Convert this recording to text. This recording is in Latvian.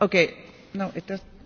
okay no it does